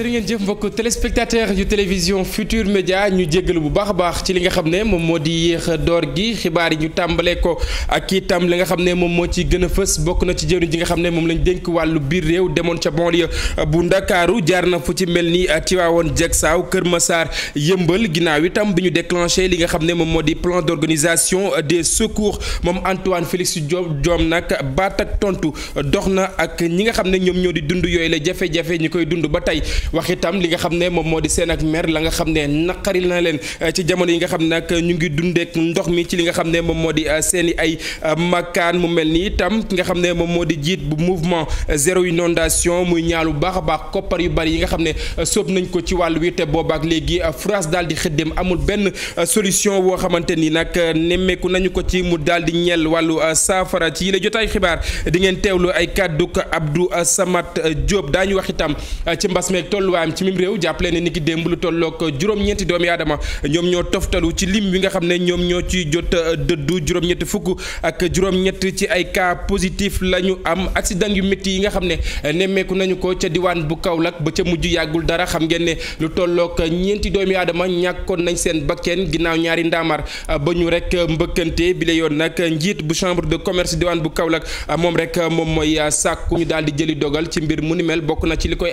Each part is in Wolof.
jërë ngeen jëf mbokk téléspectateur yu télévision Futur Média ñu jéggalu bu baax a baax ci li nga xam ne moom moo di yéex door gi xibaar yi ñu tàmbalee ko ak itam li nga xam ne moom moo ci gën a fës bokk na ci jëwriñ ji nga xam ne moom lañ dénk wàllu biir réew demoon ca banlieue bu Ndakaaru jaar na fu ci mel ni ci Tivaouane Diacksao Kër Massar yëmbal ginnaaw itam bi ñu déclenché li nga xam ne moom moo di plan d'organisation des secours moom Antoine Félix joom nag baat ak tontu dox na ak ñi nga xam ne ñoom ñoo di dund yooyu la jafe-jafe ñi koy dund ba tey wax itam li nga xam ne moom moo di seen ak mer la nga xam ne naqari na leen eh, ci jamono yi nga xam ne nag ñu ngi dundeek ndox mi ci li nga xam ne moom moo di eh, seeni ay eh, makaan mu mel ni itam ki nga xam ne moom moo di jiit bu mouvement zéro inondation muy ñaalu baax a baax koppar yu bari yi nga xam ne sóob nañ ko ci wàllu wi te boobaak léegi France daal di xëddéem amul benn solution woo xamante nii nag nemmeeku nañu ko ci mu daal di ñeel wàllu saafara ci yile jotaay xibaar di ngeen teewlu ay kàdduk Abdou Samad Diop daañu wax itam ci mbas tolluwaayam ci mim réew jàppale ne ni ki démb lu tollook juróom-ñeenti doomi aadama ñoom ñoo toftalu ci lim bi nga xam ne ñoom ñoo ci jot dëddu juróom-ñetti fukk ak juróom-ñett ci ay kaa positif la ñu am accident yu métti yi nga xam ne nemmeeku nañu ko ca diwaan bu Kaolack ba ca mujj yàggul dara xam ngeen ne lu tollook ñeenti doomi aadama ñàkkoon nañ seen bakkeen ginnaaw ñaari ndaamaar ba ñu rek mbëkkante bi la yoon nag njiit bu chambre de commerce diwaan bu Kaolack moom rek moom mooy sàkku ñu daal di jëli dogal ci mbir mu bokk na ci li koy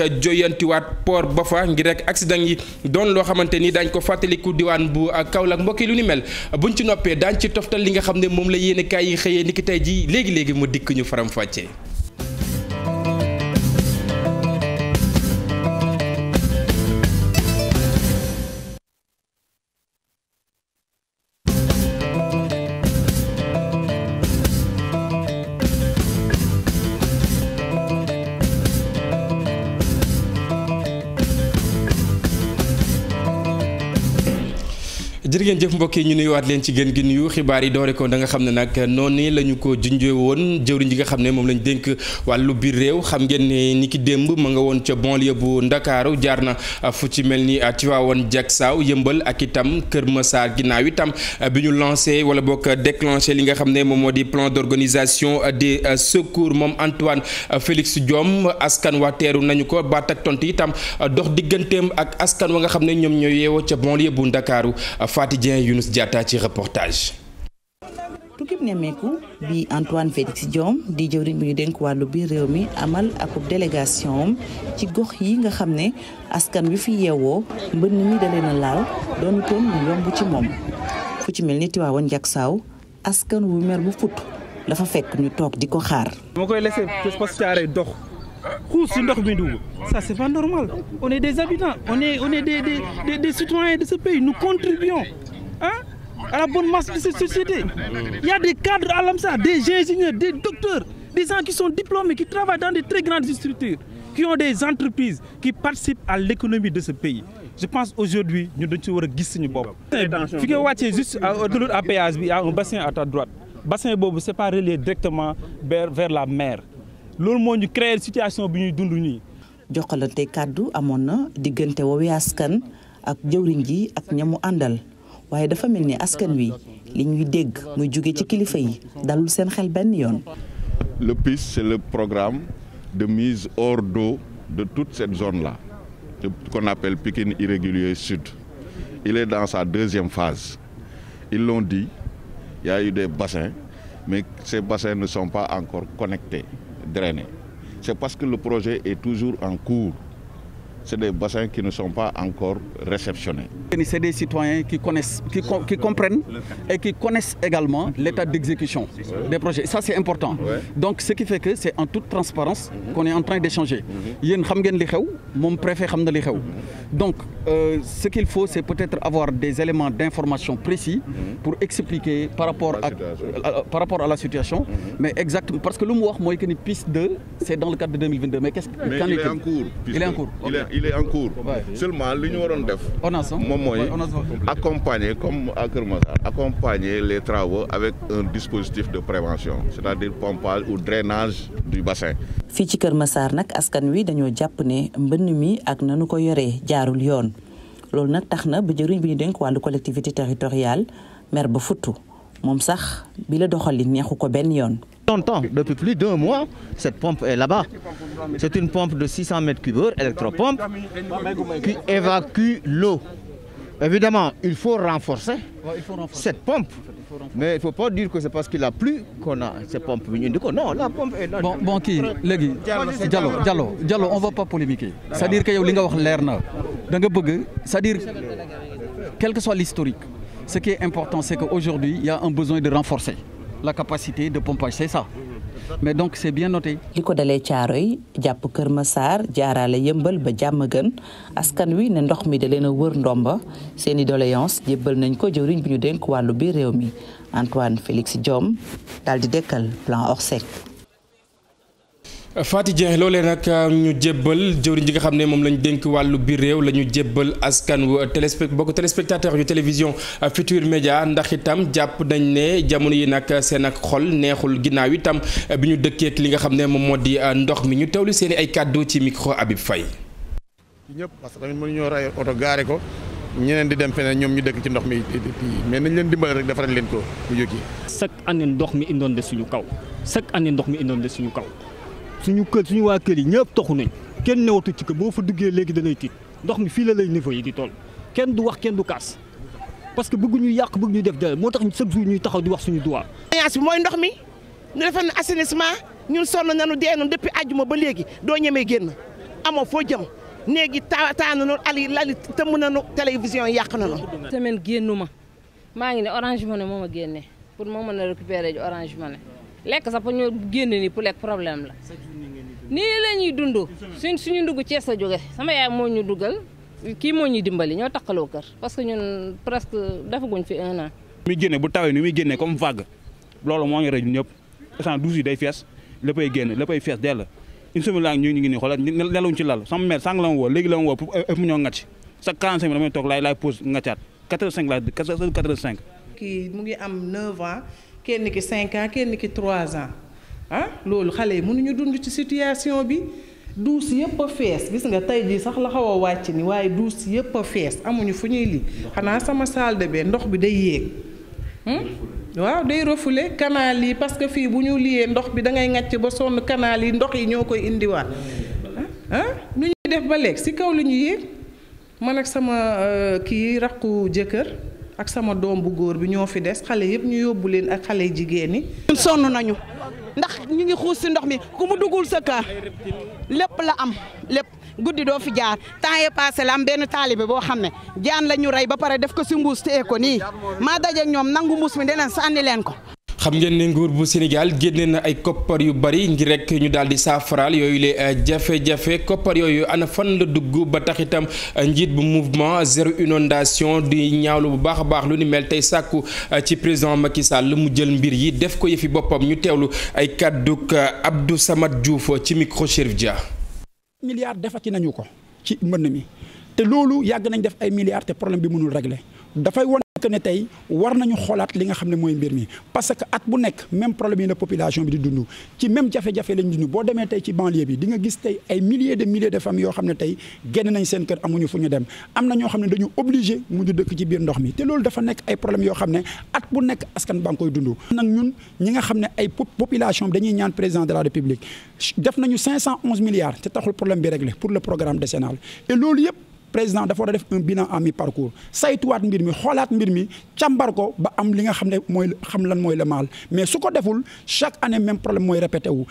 rek joyantiwaat port ba fa ngir rek accident yi doon loo xamante ni daañ ko fàttaliku diwaan bu Kaolack mbokki lu ni mel buñ ci noppee daañ ci toftal li nga xam ne moom la yéene kaay yi xëyee niki tey ji léegi-léegi mu dikk ñu faram fàccee jërë ngeen jëf mbokk yi ñu nuyuwaat leen ci gën gi nuyu xibaar yi doore ko da nga xam ne nag noonu la ñu ko junjee woon jëwriñ xam ne moom lañ dénk wàllu biir réew xam ngeen ne ni ki démb ma nga woon ca banlieue bu Ndakaaru jaar na fu ci mel ni Tivaouane Diacksao yëmbal ak itam Kër Massar ginnaaw itam bi ñu lancé wala boog déclenché li nga xam ne moom moo di plan d'organisation des secours moom Antoine Félix Diome askan waa teeru nañu ko baat ak tontu itam dox digganteem ak askan wa nga xam ne ñoom ñoo yeewoo ca banlieue bu Ndakaaru Fatidien Younous Diatta ci reportage. tukkib nemmeeku bi Antoine Félix Diome di jëwriñ bi ñu dénk wàllu biir réew mi amal akub délégation ci gox yi nga xam ne askan wi fi yeewoo mbënn mi da leen a laal lu yomb ci moom fu ci mel ni Tiwaawan Jaksaaw askan wu mer bu futt dafa fekk ñu toog di ko xaar. moo koy laisser dox. xuus si ndox mi dugg ça c'est pas normal on est des habitants on est on est des des des, des citoyens de ce pays nous contribuons ah à la bonne marche de cette société il y des cadres à des ingénieurs des docteurs des gens qui sont diplômés qui travaillent dans des très grandes structures qui ont des entreprises qui participent à l'économie de ce pays je pense aujourd'hui ñu dañ ci war a gis suñu bopp fi nga wàccee juste autoroute à péage bi y a bassin à ta droite bassin boobu c'est pas relié directement vers la mer loolu moo ñu créer situation bi ñuy dund nii. joxalante kàddu amoon na diggante woowi askan ak jëwriñ ji ak ñamu àndal waaye dafa mel ni askan wi li ñuy dégg muy jóge ci kilifa yi dalul seen xel benn yoon. le PIS c'est le programme de mise hors d'eau de toute cette zone là qu'on appelle Pikine irrégulier sud il est dans sa deuxième phase ils l'ont dit il y a eu des mais ces bassins ne sont pas encore connectés. drainer. C'est parce que le projet est toujours en cours. c'est des bassins qui ne sont pas encore réceptionnés. C'est des citoyens qui connaissent, qui, com qui comprennent et qui connaissent également l'état d'exécution des projets. Ça, c'est important. Ouais. Donc, ce qui fait que c'est en toute transparence mhm. qu'on est en train d'échanger. Mhm. Mon préfet mhm. Donc, euh, ce qu'il faut, c'est peut-être avoir des éléments d'information précis pour expliquer par rapport à, à, par rapport à la situation. Mais exactement, parce qu il est en seulement li ñu waroon def moom mooy accompagner comme à Kër Massar accompagner les travaux avec un dispositif de prévention c'est-à-dire pompage ou drainage fii ci Kër Massar nag askan wi dañoo jàpp ne mbënn mi ak nanu ko yoree jaarul yoon loolu nag tax na ba jëriñ bi ñu dénk wàllu collectivité territoriale maire ba futtu moom sax bi la doxalin neexu ko benn yoon longtemps, depuis plus d'un mois, cette pompe est là-bas. C'est une pompe de 600 mètres cubes, électropompe, qui évacue l'eau. Évidemment, il faut renforcer cette pompe. mais il faut pas dire que la parce qu'il a qu'on a ces bi ñu indi ko non la pompe est là. bon bon kii léegi Diallo on va pas polémiquer. c'est-à-dire que yow li nga wax leer na da nga bëgg cest à que soit l'historique ce qui aujourd'hui il a un besoin de renforcer. la capacité de pompage c'est ça mais donc c'est bien noté. li ko dalee caaro jàpp Kër Massar jaaraale yëmbal ba jàmm gën askan wi ne ndox mi da leen a wër ndomba seen i doléance jébbal nañ ko jëwriñ bi ñu dénk wàllu biir réew mi Antoine Félix Diome daal di dekkal plan ORSEC. Faty Dieng loolee nag euh, ñu jébbal jëwriñ ji nga xam ne moom lañ dénk wàllu biir réew la ñu jébbal askan wu euh, téléspect bokk téléspectateur yu télévision euh, Futur Média ndax itam jàpp nañ ne jamono yi nag seen ak xol neexul ginnaaw itam bi ñu dëkkeek li nga xam ne moom moo di ndox mi ñu teewlu seen i ay kàddu ci micro Habib fay ñëpp parce que tamit mënuñoo ray oto gaare ko ñeneen di dem feneen ñoom ñu dëkk ci ndox mi mais nañ leen dimbale rek defaral leen ko bu jógee. chaque année ndox mi inondé suñu kaw chaque année ndox mi inondé suñu kaw suñu kër suñu waa kër yi ñëpp toxu nañ kenn newatu ci boo fa duggee léegi danay tiit ndox mi fii la lay niveau yi di toll kenn du wax kenn du kaas parce que bëgg ñu yàq bëgg ñu def dara moo tax chaque jour ñuy taxaw di wax suñu droit. doléance bi mooy ndox mi ñu defoon na assainissement ñun sonn nañu dee nañu depuis àjjuma ba léegi doo ñemee génn amoo foo jëm néegi taa taa nañu ali lali tëmm nañu télévision yàq nañu. semaine ma maa ngi ne Orange Money moo ma génne pour moo mën a récupérer ji lekk sax pour ñu génn nii pour lekk la. nii la ñuy dund suñ suñu ndugg Cees la jóge sama yaay moo ñu dugal kii moo ñuy dimbali ñoo taqaloo kër parce que ñun presque defaguñ fi un an. muy génne bu tawee ni muy génne comme vague loolu moo ngi rëy ñëpp instant douze yi day fees léppay génn léppay fees dell une semaine laa ñu ngi nii xoolal nelawuñ ci lal sama mère sànq la ma woo léegi la ma woo pour euh, ëpp ñoo ŋàcc sa 45 mi damay toog laay laay pause ŋàccaat kii mu ngi am 9 ans kenn ki 5 ans kenn ki 3 ans. ah loolu xale yi mënuñu dund ci situation bi duus yëpp a fees gis nga tey jii sax la xaw a wàcc ni waaye duus yëpp a fees amuñu fu ñuy lii xanaa sama salle de ndox bi day yéeg hmm? waaw day refoulé canal yi parce que fii bu ñu liyee ndox bi da ngay ngàcc ba sonn canal yi ndox yi ñoo koy indiwaan ah lu ñuy def ba léegi si kaw lu ñu yéeg man ak sama euh, kii raqu jëkkër ak sama doom bu góor bi ñoo fi des xale yëpp ñu yóbbu leen ak xale jigéen ñi. sonn nañu. ndax ñu ngi xuus si ndox mi ku mu duggul sa lépp la am lépp guddi doo fi jaar temps yee passé la am benn taalibe boo xam ne jaan la ñu rey ba pare def ko si mbuus téye ko nii maa daje ak ñoom nangu mbuus mi deneen sànni leen ko xam ngeen ne nguur bu Sénégal génnee na ay koppar yu bari ngir rek ñu daal di saafaraal yooyu lee euh, jafe-jafe koppar yooyu ana fan la dugg ba tax itam euh, njiit bu mouvement zéro inondation di ñaawlu bu baax a baax lu ni mel tey sàkku euh, ci président Macky Sall mu jël mbir yi def ko yëfi boppam ñu teewlu ay kàdduk Abdou Samad Diouf ci micro Chérif Dia. milliards defati nañu ko ci mbënn mi te loolu yàgg nañ def ay milliards te problème bi mënul régler dafay won que ne tey war nañu xoolaat li nga xam ne mooy mbir mi parce que at bu nekk même problème yi la population bi di dund ci même jafe-jafe lañ dund boo demee tey ci banlieue bi di nga gis tey ay milliers de milliers de familles yoo xam ne tey génn nañ seen kër amuñu fu ñu dem am na ñoo xam ne dañu obligé mujj dëkk ci biir ndox mi te loolu dafa nekk ay problèmes yoo xam ne at bu nekk askan baa ngi koy dund nag ñun ñi nga xam ne ay population bi dañuy ñaan président de la république def nañu 511 milliards te taxul problème bi réglé pour le programme décennal et loolu yëpp président dafa war a def un bilan à mi parcours saytuwaat mbir mi xoolaat mbir mi càmbar ko ba am li nga xam ne mooy xam lan mooy le mal mais su ko deful chaque année même problème mooy répété wu.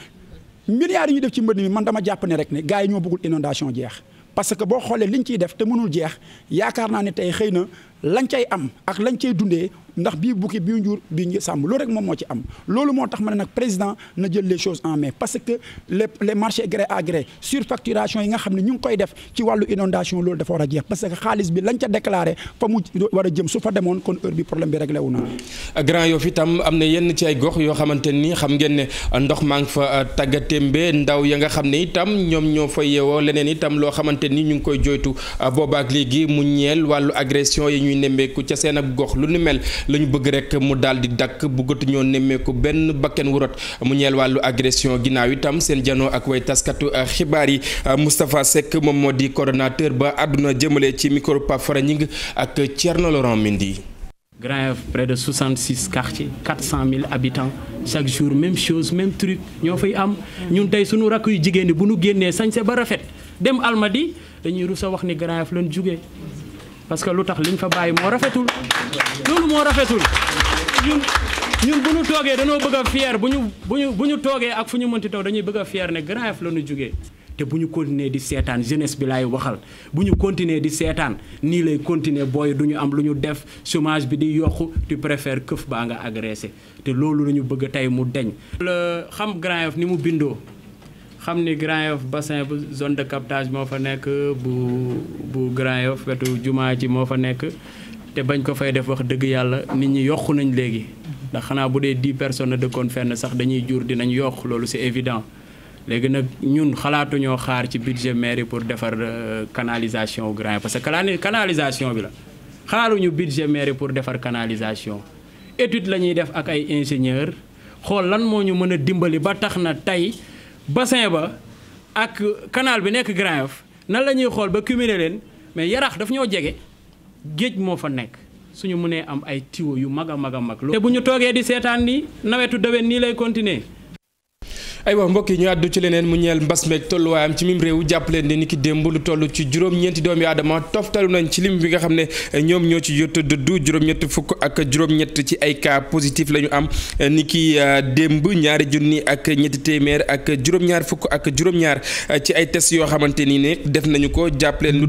milliards ñu def ci mbënd mi man dama jàpp ne rek ne gars yi ñoo bëggul inondation jeex parce que boo xoolee liñ ciy def te mënul jeex yaakaar naa ne tey xëy na lañ cay am ak lañ cay dundee ndax bii bukki bii njur bii sàmm loolu rek moom moo ci am loolu moo tax ma ne nag président na jël le choses en mais parce que les les marchés gré à gré surfacturation yi nga xam ne ñu ngi koy def ci wàllu inondation loolu dafa war a jeex parce que xaalis bi lañ ca déclaré fa mu war a jëm su fa demoon kon heure bi problème bi réglé wu na. Grand Yoff itam am na yenn ci ay gox yoo xamante ni xam ngeen ne ndox maa ngi fa euh, tàggatémbe ndaw ya nga xam ne itam ñoom ñoo fa yeewoo leneen itam loo xamante ni ñu ngi koy jooytu euh, boobaak léegi mu ñeel wàllu agression yi ñuy nemmeeku ca seen gox lu ni mel la ñu bëgg rek mu daal di dakk bëggatuñoo nemmeeku benn bakken wurat mu ñeel wàllu agression ginnaaw itam seen janoo ak way taskatu xibaar yi Moustapha Seck moom moo di coordonnateur ba àdduna jëmale ci micro Pape Fara Ñing ak Thierno Laurent Mendy. Grand Yoff près de 66 quartiers 400 000 habitants chaque jour même chose même truc ñoo fay am ñun tey suñu rakk yu jigéen bu ñu génnee sañse ba rafet dem Almadies dañuy rusa wax ni Grand Yoff lañ jugee parce que lu tax liñ fa bàyyi moo rafetul loolu moo rafetul ñun ñun bu ñu toogee dañoo bëgg a fier bu ñu bu ñu bu ñu toogee ak fu ñu mënti taw dañuy bëgg a fier ne Grand Yoff la ñu te bu ñu continuer di seetaan jeunesse bi laay waxal bu ñu continuer di seetaan nii lay continuer booy du ñu am lu ñu def chômage bi di yokku tu préfères këf baa nga agressé te loolu lañu ñu bëgg tey mu deñ xam Grand Yoff ni mu bindoo xam ni Grand Yoff bassin bu zone de captage moo fa nekk bu bu Grand Yoff wetu jumaa ji moo fa nekk te bañ ko fay def wax dëgg yàlla nit ñi yokku nañ léegi ndax xanaa bu dee dix personne a dëkkoon fenn sax dañuy jur dinañ yokk loolu c'est évident léegi nag ñun xalaatuñoo xaar ci budget mairie pour defar euh, canalisation Grand Yoff parce que canalisation bi la xaaruñu budget mairie pour defar canalisation étude la def ak ay ingénieur xool lan moo ñu mën a dimbali basin ba ak kanaal bi nekk Grand Yoff nan la ñuy xool ba cumuler leen mais yarax daf ñoo jege géej moo fa nekk suñu mënee am ay tiwo yu mag a mag a mag. te bu ñu toogee di seetaan ni nawetu déwén nii lay continuer aywa mbokk yi ñu àddu ci leneen mu ñeel mbas meeg am ci mim réew jàpp leen ne ki démb lu toll ci juróom-ñeenti doomi aadama toftalu nañ ci lim bi nga xam ne ñoom ñoo ci yott dëddu juróom-ñett fukk ak juróom ci ay cas positif la ñu am ni ki euh, démb ñaari junni ak ñetti téeméer ak juróom fukk ak juróom euh, ci ay test yoo xamante ni ne def nañu ko jàpp leen lu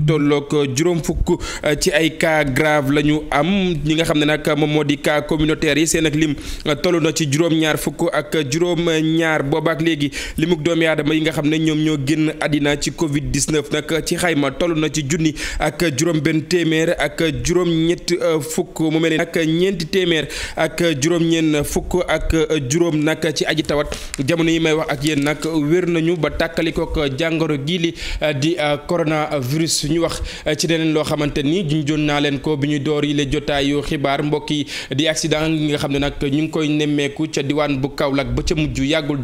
juróom fukk euh, ci ay cas la ñu am ñi nga xam ne nag moom moo di cas communautaire yi seen ak lim tollu na ci juróom-ñaar fukk ak juróom-ñaar boobaak ak léegi limug doomi aadama yi nga xam ne ñoom ñoo génn àddina ci Covid 19 nag ci xayma toll na ci junni ak juróom-benn téeméer ak juróom-ñett euh, fukk mu mel ne nag ñeenti téeméer ak juróom-ñeent fukk ak juróom nag ci aji tawat jamono yi may wax ak yéen nag wér nañu ba tàkkalikook jàngoro gii li euh, di euh, su ñu wax ci leneen loo xamante ni jot naa leen ko bi ñu door yi la jotaayu xibaar mbokk yi di accident yi nga xam ne nag ñu ngi koy nemmeeku ca diwaan bu Kaolack ba ca mujj yàggul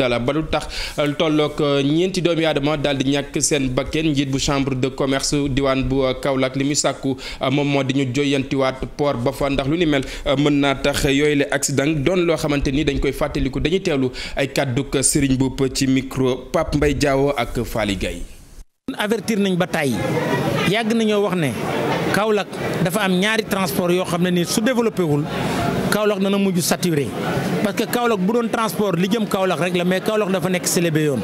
loolu tax lu tollook euh, ñeenti doom aadama daal di ñàkk seen bakken njiit bu chambre de commerce diwaan bu euh, Kaolack li muy sàkku euh, moom moo di ñu joyantiwaat port ba fa ndax lu ni mel mën naa tax yooyu la accident doon loo xamante ni dañ koy fàttaliku dañuy teewlu ay kàdduk Serigne Bopp ci micro Pape mbay Diawo ak Faly avertir nañ ba tàyyi yàgg nañoo wax ne Kaolack dafa am ñaari transport yoo xam ne ni su développé wul Kaolack dana mujj saturé parce que Kaolack bu doon transport li jëm Kaolack rek mais Kaolack dafa nekk célébé yoon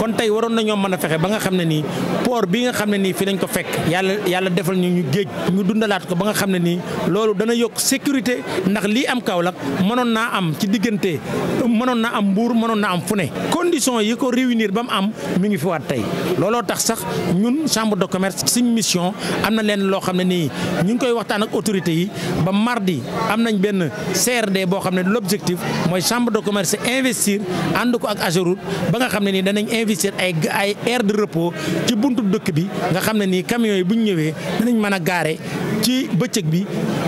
kon tey waroon na ñoom mën a fexe ba nga xam ne nii port bi nga xam ne nii fi lañ ko fekk yàlla yàlla defal ñu ñu géej ñu dundalaat ko ba nga xam ne nii loolu dana yokk sécurité ndax lii am Kaolack mënoon naa am ci diggante mënoon naa am mbuur mënoon naa am fu ne condition yi ko réunir ba mu am mu ngi fi waat tey looloo tax sax ñun chambre de commerce suñ mission am na leen loo xam ne nii ñu ngi koy waxtaan ak autorité yi ba mardi am nañ benn CRD boo xam ne l'objectif mooy chambre de commerce investir ànd ko ak Ageroute ba nga xam ne nii danañ investir ay ay aire de repos ci buntu dëkk bi nga xam ne nii camions yi bu ñu ñëwee danañ mën a gaare ci bëccëg bi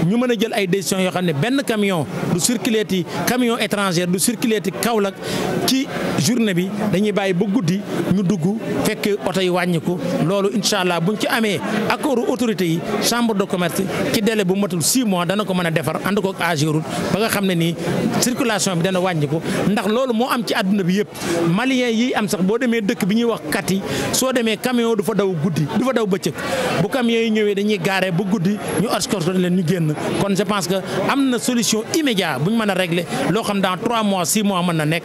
ñu mën a jël ay décisions yoo xam ne benn camion du circuler ti camion étranger du circuler ti Kaolack ci journée bi dañuy bàyyi ba guddi ñu dugg fekk oto yi wàññiku loolu incha allah buñ ci amee accordu autorité yi chambre de commerce ci délai bu matul 6 mois dana ko mën a defar ànd ko ak consommation bi dana wàññiku ndax loolu moo am ci àdduna bi yëpp malien yi am sax boo demee dëkk bi ñuy wax kat yi soo demee camion du fa daw guddi du fa daw bëccëg bu camion yi ñëwee dañuy gaaree ba guddi ñu escorte leen ñu génn kon je pense que am na solution immédiate bu ñu mën a régler loo xam dans trois mois six mois mën na nekk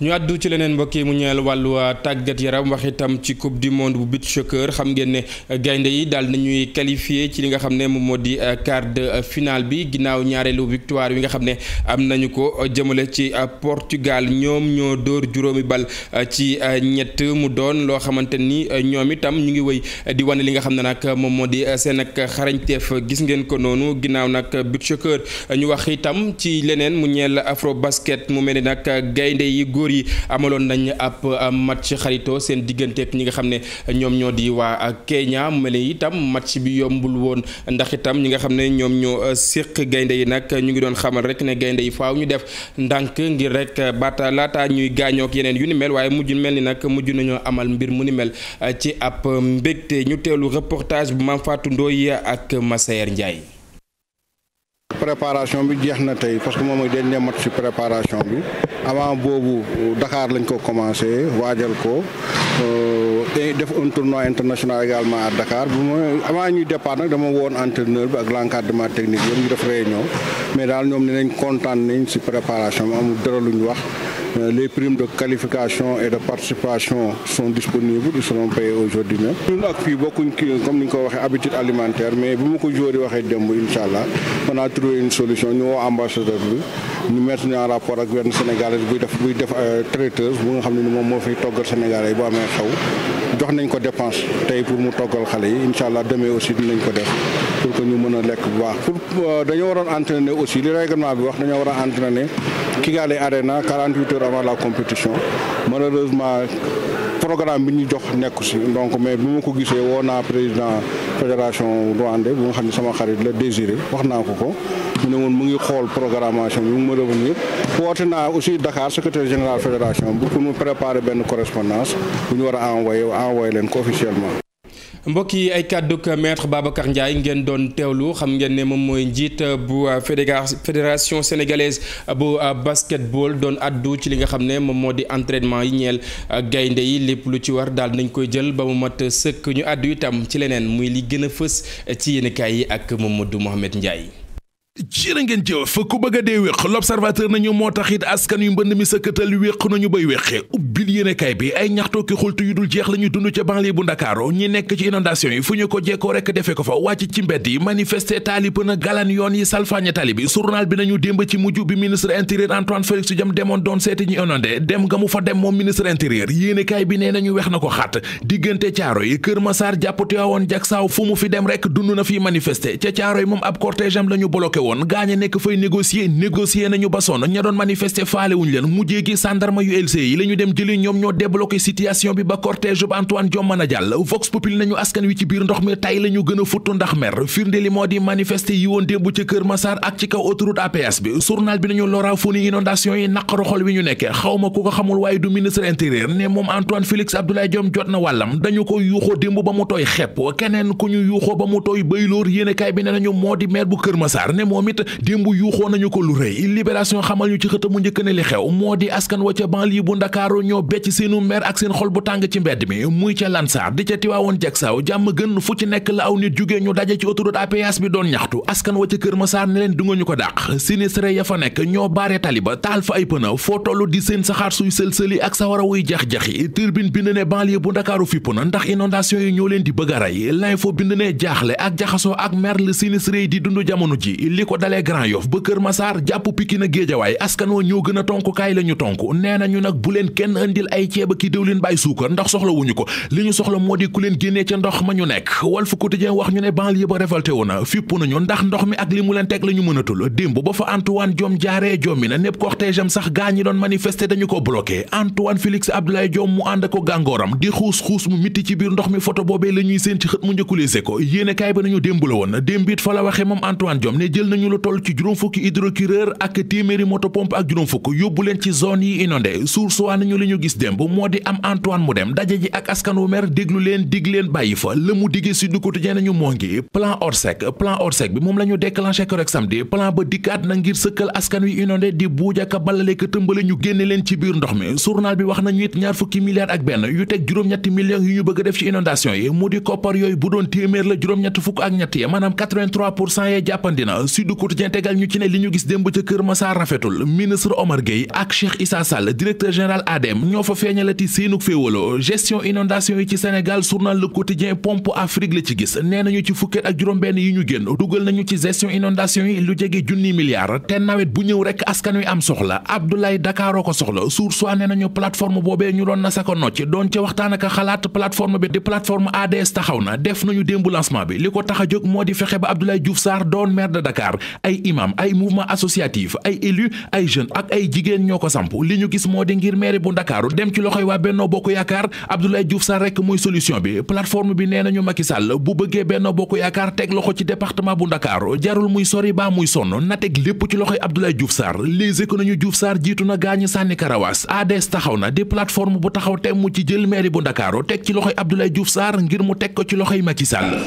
ñu àddu ci leneen mbokk yi mu ñeel wàllu euh, tàggat yaram wax itam ci coupe du monde bu beach soccer xam ngeen ne euh, gaynde yi daal nañuy qualifié ci li nga xam ne moom moo di euh, quart de finale bi ginnaaw ñaareelu victoire yi nga xam ne am nañu ko jëmale ci Portugal ñoom ñoo door juróomi bal ci ñett mu doon loo xamante ni ñoom itam ñu ngi wëy di wane li nga xam ne nag moom moo di seen ak xarañteef gis ngeen ko noonu ginnaaw nag beach soccer ñu wax itam ci leneen mu afro basket mu mel ni nag gaynde yi góor yi amaloon nañ ab euh, match xarito seen digganteeg ñi nga xam ne ñoom ñoo di waa euh, Kenya mu mel itam match bi yombul woon ndax itam ñi nga xam ne ñoom ñoo euh, séq gaynde yi nag ñu ngi doon xamal rek ne gaynde yi faaw ñu def ndànk ngir rek baata laata ñuy gaañook yeneen yu ni mel waaye mujj mel ni nag mujj nañoo amal mbir mu ni mel ci ab mbégte ñu teelu reportage bu Mam Fatou Ndoye ak Massaer Ndiaye préparation bi jeex na tey parce que moom mooy dernier match ci préparation bi avant boobu dakaar lañ ko commencé waajal ko euh, def un tournoi international également à Dakar bu mooy avant ñuy départ nag dama woon entraîneur bi ak l'encadrement technique yëpp ñu def réunion mais daal ñoom ne nañ kontaan nañ ci préparation bi amul dara luñ wax Euh, les primes de qualification et de participation sont disponibles ils seront payés aujourd'hui même ñun ak fii bokkuñ kii comme ni ñu ko waxee habitude alimentaire mais bu ma ko jóori waxee démb incha allah on a trouvé une solution ñu woo ambassadeur bi ñu mettre ñu en rapport ak benn sénégalais buy def buy def euh, traiteuse bu nga xam ne ni moom moo fiy toggal sénégalais bu amee xaw jox nañ ko dépense tey pour mu toggal xale yi incha allah demee aussi dinañ ko def que ñu mën a lekk bu baax pour euh, dañoo waroon entraîner aussi li règlement bi wax dañoo war a entraîner Kigali Arena 48 heures avant la compétition malheureusement programme bi ñu jox nekku si donc mais bi ma ko gisee woo naa président fédération rwandais bu nga xam ne sama xarit la désiré wax naa ko ko mu ne woon mu ngi xool programmation bi mu ma defoon yëpp woote naa aussi Dakar secrétaire général fédération bu pour mu préparer benn correspondance bu ñu war a envoyé envoyé leen ko officiellement mbokk yi ay kàdduk maître Babacar Ndiaye ngeen doon teewlu xam ngeen ne moom mooy njiit bu euh, fédération sénégalaise bu euh, basketball doon addu ci li nga xam ne moom moo di entraînement yi ñeel euh, gaynde yi lépp lu ci war daal nañ koy jël ba mu mat sëkk ñu addu itam ci leneen muy li gën a fës ci yéenekaay yi ak Mamadou Mouhamed Ndiaye. jërë ngeen jëf ku bëgg dee wéq l'observateur nañu moo tax it askan yu mbënd mi sëkkatal wéq nañu bay wéqe ubbil yéenekaay bi ay ñaxtoo ki xultu yu dul jeex la ñu dund ca banlieue bu Ndakaaru ñi nekk ci inondation yi fu ñu ko jekkoo rek defe ko fa wàcc ci mbedd yi manifesté taali pën a galan yoon yi salfaañe tali bi journal bi nañu démb ci mujj bi ministre intérieur Antoine Félix Diome demoon doon seeti ñu inondé dem nga mu fa dem moom ministre bi nee nañu wex ko xat diggante caaro yi Kër Masaar jàpp Tiwaawoon jak saaw fi dem rek dund na fi manifesté ca caaro yi moom ab cortège woon gaañ a nekk fay négocier négocier nañu ba sonn ña doon manifester faale wuñ leen mujjee gi sandarma yu LC yi la dem jëli ñoom ñoo débloqué situation bi ba cortège bu Antoine Diome mën jàll vox populi nañu askan wi ci biir ndox mi tay la ñu futtu ndax mer firnde li moo di manifester yi woon démb ci Kër Massar ak ci kaw autoroute APS bi journal bi nañu lora funi inondation yi naqaru xol wi ñu nekke xawma ku ko xamul waaye du ministre intérieur moom it démb yuuxoo nañu ko lu rëy libération xamal ñu ci xët mu njëkk ne li xew moo di askan wa ca banlieue bu ndakaaru ñoo becc seenu mer ak seen xol bu tàng ci mbedd mi muy ca Lansar di ca Tiwaawoon Jaksaaw jàmm gën fu ci nekk la aw nit jugee ñu daje ci autoroute à péage bi doon ñaxtu askan wa ca Kër Masaar ne leen du nga ñu ko dàq sinistré ya fa nekk ñoo baare taliba taal fa ay pëna foo tollu di seen saxaar suy sël-sëli ak sawara wuy jax-jaxi turbine bind ne banlieue bu ndakaaru fipp na ndax inondation yi ñoo leen di bëgg a rey l'info bind ne jaaxle ak jaxasoo ak mer le sinistré yi di dund jamono ji li ko dalee Grand Yoff ba Kër Masaar jàpp Pikine Géejawaay askan wa ñoo gën a tonkukaay la ñu tonk nee nañu nag bu leen kenn indil ay ceeba ki diwlin bàyyi suukar ndax soxla wuñu ko li ñu soxla moo di ku leen génnee ca ndox ma ñu nekk Walf Quotidien wax ñu ne banlieue ba révolté wu na nañu ndax ndox mi ak li mu leen teg la mënatul démb ba fa Antoine Diome jaaree jommi na népp cortège sax gaa doon manifester dañu ko bloqué Antoine Félix nañu lu toll ci juróom fukki hydrocureur ak téeméeri motopompe ak juróom fukk yóbbu leen ci zone yi inondé sursuwaa nañu li ñu gis démb moo di am Antoine mu dem daje ji ak askan wu mer déglu leen dig leen bàyyi fa la mu diggee si du nañu moo ngi plan Orsec plan Orsec bi moom la ñu déclenché ko rek samedi plan ba dikkaat na ngir sëkkal askan wi inondé di buuj ak tëmbale ñu génne leen ci biir ndox mi journal bi wax nañu it ñaar fukki milliards ak benn yu teg juróom-ñetti millions ñett ya maanaam 83 pour cent yee Sud Quotidien tegal ñu ci ne li ñu gis démb ca Kër Massar rafetul ministre Omar Gueye ak Cheikh Issa Sall général ADEM ñoo fa feeñalati seenug féewaloo gestion inondation yi ci Sénégal journal Le Quotidien pompe Afrique la ci gis nee nañu ci fukket ak juróom-benn yi ñu génn dugal nañu ci gestion inondation yi lu jege junni milliards te nawet bu ñëw rek askan wi am soxla Abdoulaye Dakaroo ko soxla suur soi nee nañu plateforme boobee ñu doon na a Dakar ay imam ay mouvement associatif ay élus ay jeunes ak ay jigéen ñoo ko samp li ñu gis moo di ngir mairie bu Ndakaaru dem ci loxoy waa Benno Bokk Yaakaar Abdoulaye Diouf Sarr rekk mooy solution bi plateforme bi nee nañu Macky Sall bu bëggee Benno Bokk Yaakaar teg loxo ci département bu Ndakaaru jarul muy sori baa muy sonn na lépp ci loxoy Abdoulaye Diouf Sarr les économies Diouf saar jiitu na gaañu sànni karawaas ADS taxaw na di plateforme bu taxaw temm ci jël mairie bu Ndakaaru teg ci loxoy Abdoulaye Diouf Sarr ngir mu teg ko ci loxoy Macky Sall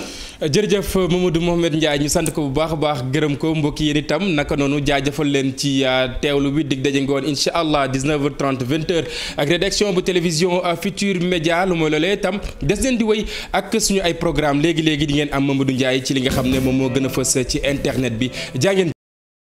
jërëjëf Mamadou Mouhamed Ndiaye ñu sant ko bu baax a baax gërëm ko mbokki yéen itam naka noonu jaajëfal leen ci euh, teewlu bi dig daje ngoon incha allah 19h30 20h ak rédaction bu télévision euh, Futur Média lu mooy loolee itam des leen di woy ak suñu ay programme léegi léegi di ngeen am du njaay ci li nga xam ne moom moo gën a fës ci internet bi jaa ngeen